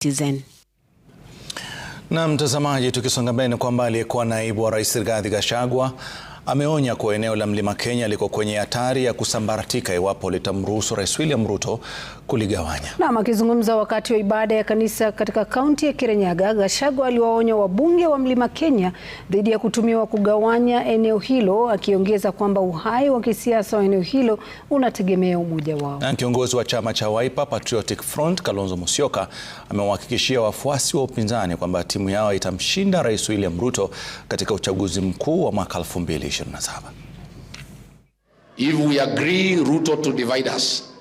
Citizen. Na mtazamaji, tukisonga mbele ni kwamba aliyekuwa naibu wa rais Rigathi Gachagua ameonya kuwa eneo la Mlima Kenya liko kwenye hatari ya kusambaratika iwapo litamruhusu Rais William Ruto kuligawanya. Naam, akizungumza wakati wa ibada ya kanisa katika kaunti ya Kirinyaga, Gachagua aliwaonya wabunge wa Mlima Kenya dhidi ya kutumiwa kugawanya eneo hilo, akiongeza kwamba uhai wa kisiasa wa eneo hilo unategemea umoja wao. Na kiongozi wa chama cha Wiper Patriotic Front Kalonzo Musyoka amewahakikishia wafuasi wa upinzani kwamba timu yao itamshinda Rais William Ruto katika uchaguzi mkuu wa mwaka 2020. 27. If we agree Ruto to divide us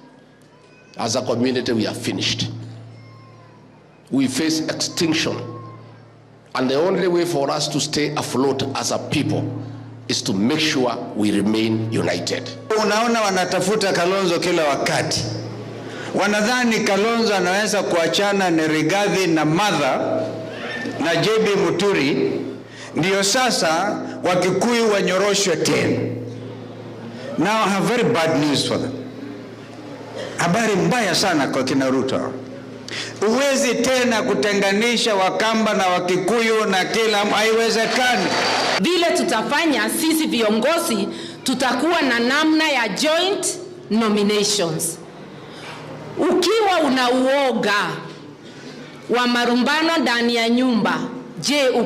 as a community, we are finished. We face extinction. And the only way for us to stay afloat as a people is to make sure we remain united. Unaona wanatafuta Kalonzo kila wakati. Wanadhani Kalonzo anaweza kuachana na Rigathi na Madha na JB Muturi Ndiyo sasa Wakikuyu wanyoroshwe tena. Now I have very bad news for them. Habari mbaya sana kwa kina Ruto. Huwezi tena kutenganisha Wakamba na Wakikuyu na kila, haiwezekani. Vile tutafanya sisi viongozi, tutakuwa na namna ya joint nominations. Ukiwa una uoga wa marumbano ndani ya nyumba, je,